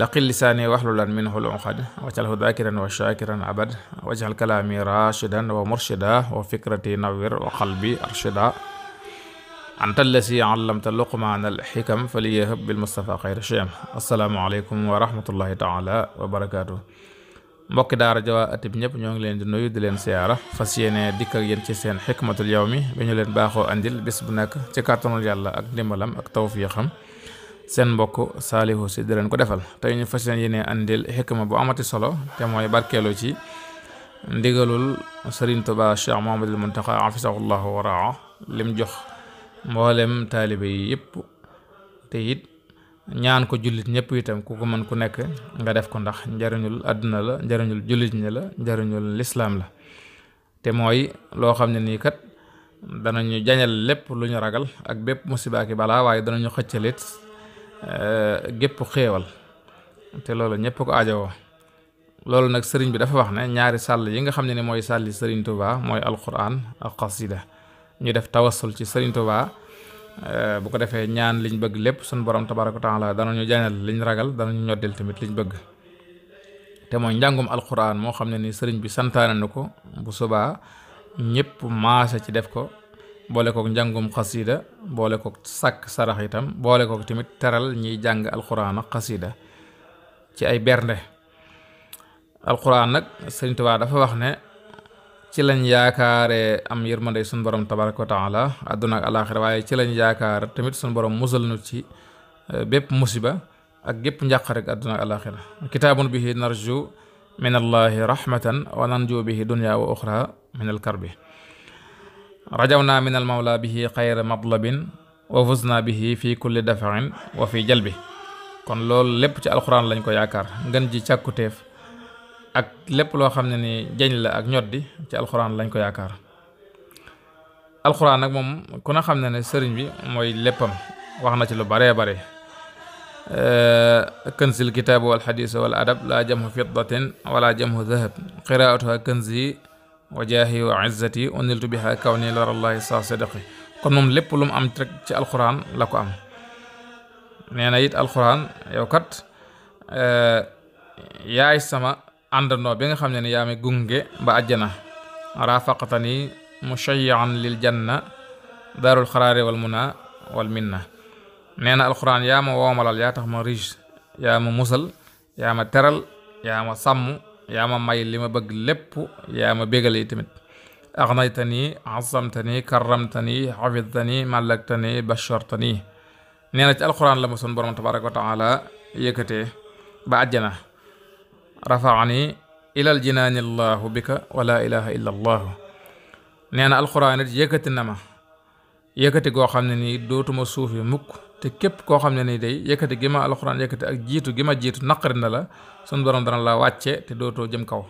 laqil lisaani waxlulan minhu lunqad waj'alhu dhaakiran wa shaakiran abad waj'al kalaami raashidan wa murshida wa fikrati nawwir wa qalbi arshida anta allasi allamta luqmaana alxikam faliyahab bilmustafa xayra shiyam assalaamu aleykum wa rahmatullahi wa barakaatu mbokki daara jawaa atib ñëpp ñoo ngi leen di nuyu di leen siyaara fas yéene dikk ak yéen ci seen xikmatul yawmi bi ñu leen baaxoo andil bis bu nekk ci kàttanul yàlla ak ndimbalam ak seen mbokk Saliou Sy di leen ko defal tey ñu fas yéene andil xikma bu amati solo te mooy barkeelu ci ndigalul Serigne Touba Cheikh Mouhamadoul Mountakha afisahullahu wa raa lim jox mboolem taalibe yi yépp te it ñaan ko jullit ñëpp itam ku ko mën ku nekk nga def ko ndax njariñul àdduna la njariñul jullit ñi la njariñul lislaam la te mooy loo xam ne nii kat danañu jañal lépp lu ñu ragal ak bépp musibaaki balaa waaye danañu xëccalit Euh, gépp xéewal te loolu ñëpp ko aajowoo loolu nag sëriñ bi dafa wax ne ñaari sàll yi nga xam ne ni mooy sàlli sëriñ Tuubaa mooy alquran ak xasida ñu def tawassul ci sëriñ Tuubaa euh, bu ko defee ñaan liñ bëgg lépp suñ borom taa tabaaraka taala danañu janal liñ ragal danañu ñoddil tamit liñ bëgg te mooy njàngum alquran moo xam ne ni sëriñ bi santaane ko bu subaa ñëpp maase ci def ko boole kook njàngum xasida boole kook sàkk sarax itam boole kook tamit teral ñiy jàng alxuraan ak xasida ci ay bernde alxuraan nag Sëriñ dafa wax ne ci lañ yaakaare am yërmande suñu borom tabaraka wa taala àdduna ak alaaxira waaye ci lañ yaakaar tamit suñ borom musal nu ci eh, bépp musiba ak gépp njàq rek àdduna ak alaaxira kitaabun bihi narju min allahi rahmatan wa nanju bihi dunya wa uxra min alkarbi rajaw naa min al mawla bihi xayra matlabin wa fus naa bihi fi kulli dafarin wa fi jalbi kon loolu lépp ci alxuraan lañ ko yaakaar ngën ji càkkutéef ak lépp loo xam ne ni jañ la ak ñoddi ci alxuraan lañ ko yaakaar alxuraan nag moom ku na xam ne ne sëriñ bi mooy léppam wax na ci lu baree bare kënsil kitaabu wal xadiis wal adab laa jamhu fiddatin wala jamhu dahab qiraatuha kënsi wa jaahi wa izzati wa niltu biha kaw ni larallahi saa sadaqi kon moom lépp lu mu am rek ci alxuraan la ko am nee na it alxuraan yow kat eh, yaay sama àndandoo bi nga xam ne ne yaa mi gunge ba àjjana raafaqatani mushayyaan lil janna daarul xaraari wal muna wal minna nee alxuraan yaa ma woomalal yaa tax ma riche yaa ma musal yaa ma teral yaa ma sàmm yaa ma may li ma bëgg lépp yaa ma bégale tamit axnaytani azamtani karamtani xafidtani màllaktani bashartani nee na ci alquran la ma sun borom tabaraka wa taala yëkkatee ba àjjana rafaani ilal jinaani allahu bika wala ilaha illa allahu nee na alquran na ma yëkkati goo xam ne nii dootuma suufi mukk te képp koo xam ne nii day yëkkati gi ma alxuraan yëkkati ak jiitu gi ma jiitu naqari na la sun borom dana la wàcce te dootoo jëm kaw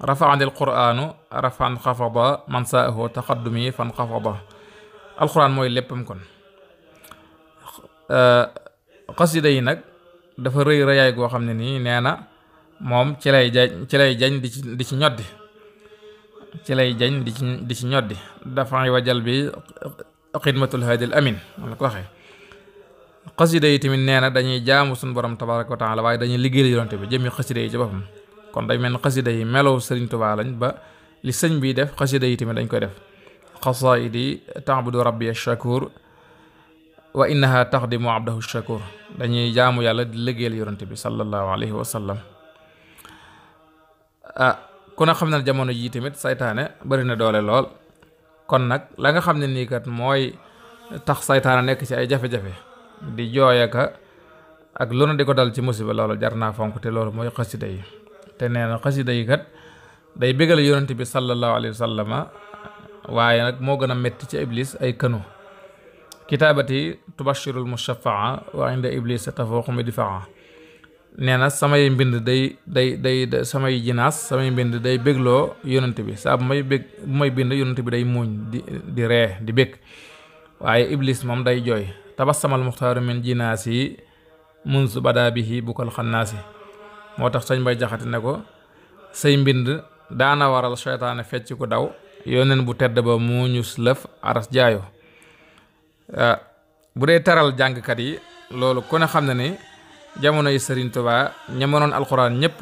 rafaanil quraanu rafan xafada man saahu taqaddumi fan ba alxuraan mooy léppam kon xasida yi nag dafa rëy rëyaay goo xam ne nii nee na moom ci lay jañ ci lay jañ di ci ci ñoddi ci lay jañ di ci di ci ñoddi dafay wajal bi xidmatul haadil amin man la xasida yi tamit nee na dañuy jaamu suñu borom tabaraka wa taala waaye dañuy liggéeyal yonante bi jëmmi xasida yi ci boppam kon day mel ni xasida yi melow sëriñ Tuubaa lañ ba li sëñ bi def xasida yi tamit dañ koy def xasaid yi taabudu rabbi shakur wa innaha taxdimu abdahu shakur dañuy jaamu yàlla di liggéeyal yonante bi sallallahu alayhi wa sallam ah ku ne xam ne jamono jii tamit saytaane bari na doole lool kon nag la nga xam ne nii kat mooy tax saytaane nekk ci ay jafe-jafe di jooyaka ak lu na di ko dal ci musiba loolu jar naa fonk te loolu mooy xasida yi te nee na xasida yi kat day bégal yonent bi sallallahu alayhi waaye nag moo gën a métti ci iblis ay kanu kitaabati tubashirul mushafaa wa inda iblis tafuuqu nee na samay mbind day day day samay jinaas samay mbind day bégloo yonent bi saa bu may bég bu may bind yonent bi day muuñ di di ree di bég waaye iblis moom day jooy tabassamal muxtaaru min jinaasi munzu badaa bihi bukal si moo tax sëñ bay jaxate ne ko say mbind daana waral seytaane fecc ku daw yoneen bu tedd ba mu ñu lëf aras jaayo ah, bu dee teral jàngkat yi loolu ku ne xam ne ni jamono yi Sëriñ Tuubaa ña mënoon alxuraan ñëpp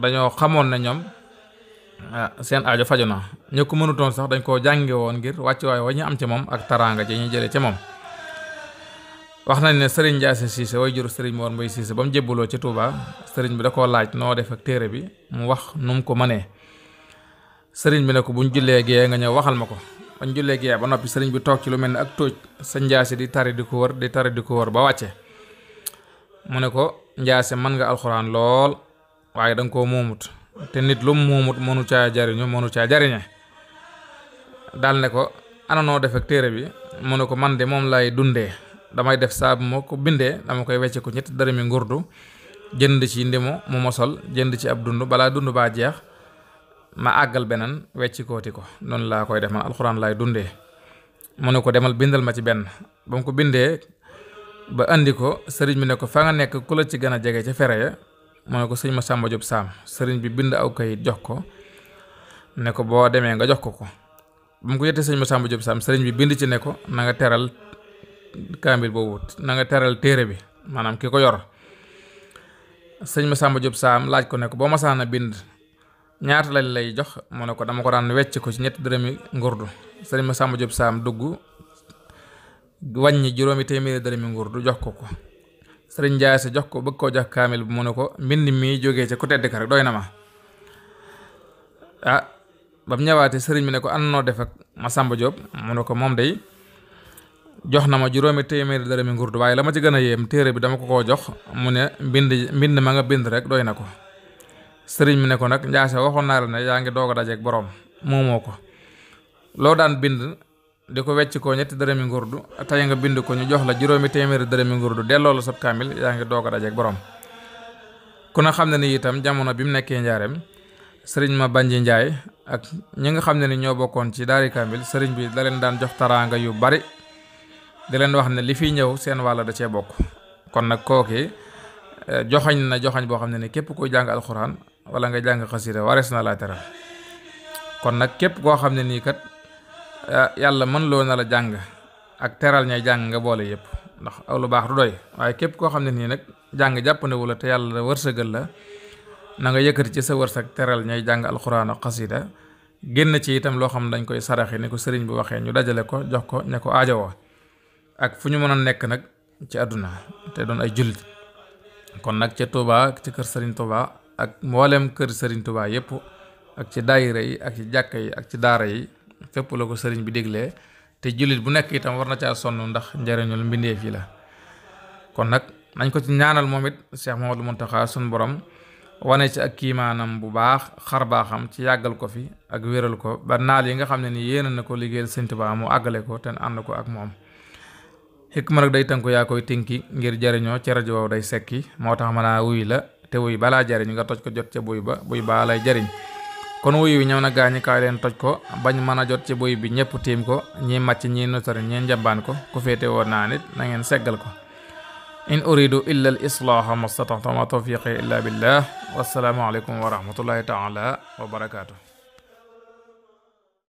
dañoo xamoon ne ñoom ah, seen aajo faju na ñu ko mënutoon sax dañ koo jànge woon ngir wàcc waay wa am ci moom ak taraanga ci ñu jëlee ci moom wax nañ ne sëriñ Ndiassé Cissé way juru sëriñ Mor Mbaye Cissé ba mu jébbaloo ca Touba sëriñ bi da koo laaj noo def ak téere bi mu wax nu mu ko mënee sëriñ bi ne ko buñ jullee gee nga ñëw waxal ma ko bañ jullee gee ba noppi sëriñ bi toog ci lu mel ni ak tóoj sa Ndiassé di tari di ko wër di tari di ko wër ba wàcce mu ne ko Ndiassé mën nga alxuraan lool waaye da nga koo muumut te nit lu mu muumut mënu caa jariñu mënu caa jariñe daal ne ko ana noo def téere bi mu ne ko man de moom lay dundee damay def saa moo ko bindee dama koy wecce ko ñetti dërëmi ngurdu jënd ci ndimu mu mosol jënd ci ab dund balaa dund baa jeex ma àggal beneen wecci ko noonu laa koy def man alxuraan laay dundee mu ne ko demal bindal ma ci benn ba ko bindee ba indi ko sëriñ bi ne ko fa nga nekk ku la ci gën a jege ca fere ya mu ne ko sëñ ma Sàmba job Saam sëriñ bi bind aw kayit jox ko ne ko boo demee nga jox ko ko ba ko yettee sëñ ma Sàmba Jóob Saam sëriñ bind ci ne ko na kaamil boobu nanga teral téere bi maanaam ki ko yor sëñ Masamba Diop Saam laaj ko ne ko boo masaana bind ñaata lañ lay jox mu ne ko dama ko daan wecc ko ci ñetti dërëmi ngurdu sëñ Masamba Diop Saam dugg wàññi juróomi téeméeri dërëmi ngurdu jox ko ko sëriñ Njaay sa jox ko bëgg koo jox kaamil bi mu ne ko mbind mi jógee ca ku tedd ka rek doy na ma ah ba mu sëriñ mi ne ko ànd noo def ak Masamba Diop mu ne ko moom day jox na ma juróomi téeméeri dara mi ngurdu waaye la ma ci gën a yéem téere bi dama ko koo jox mu ne mbind mbind ma nga bind rek doy na ko sëriñ mu ne ko nag njaase waxoon naa la ne yaa ngi doog a dajeeg moomoo ko loo daan bind di ko wecc ko ñetti dërëmi ngurdu tey nga bind ko ñu jox la juróomi téeméeri dërëmi ngurdu delloo la sab kaamil yaa ngi doog a dajeeg ku ne xam ne ni itam jamono bi mu nekkee njaareem sëriñ ma banji njaay ak ñi nga xam ne ni ñoo ci daari kaamil sëriñ da leen daan yu bari di leen wax ne li fiy ñëw seen wàll da cee bokk kon nag kooki eh, joxañ na joxañ boo xam ne ne képp koo jàng alxuraan wala nga jàng xasida warees na laa teral kon nag képp koo xam ne nii kat eh, yàlla mën loo na la jàng ak teral ñay jàng nga boole yëpp ndax aw lu baax du doy waaye képp koo xam ne nii nag jàng jàppandewu la te yàlla wërsëgal la na nga yëkkati ci sa wërsëg teral ñay jàng alxuraan ak xasida génn ci itam loo xam dañ koy saraxi ni ko sëriñ bu waxee ñu dajale ko jox ko ña ko aajowoo ak fu ñu mën a nekk nag ci àdduna te doon ay jullit kon nag ca Touba ci kër sëriñ Touba ak mboolem kër sëriñ Touba yépp ak ci daayira yi ak ci jàkka yi ak ci daara yi fépp la ko sëriñ bi dégle te jullit bu nekk itam war na caa sonn ndax njariñul mbindeef yi la kon nag nañ ko ci ñaanal moom it lu Mamadou Mountakha sunu borom wane ci ak kiimaanam bu baax xar baaxam ci yàggal ko fi ak wéral ko ba naal yi nga xam ne ni yéene na ko liggéeyal Sëriñ Tuubaa mu àggale ko te ànd ko ak moom xikma nag day tënku yaa koy tinki ngir jariñoo ci rajo day sekki moo tax mën a wuy la te wuy balaa jariñ nga toj ko jot ca buy ba buy baa lay jariñ kon wuy wi ñëw na gaañi kaay leen toj ko bañ mën a jot ca buy bi ñëpp tiim ko ñi màcc ñi notari ñi njambaan ko ku féete woon naa nit na ngeen seggal ko in uridu illa al islaaha mastata'tu ma tawfiqi illa billah wassalaamu aleykum wa rahmatullahi taala wa barakaatu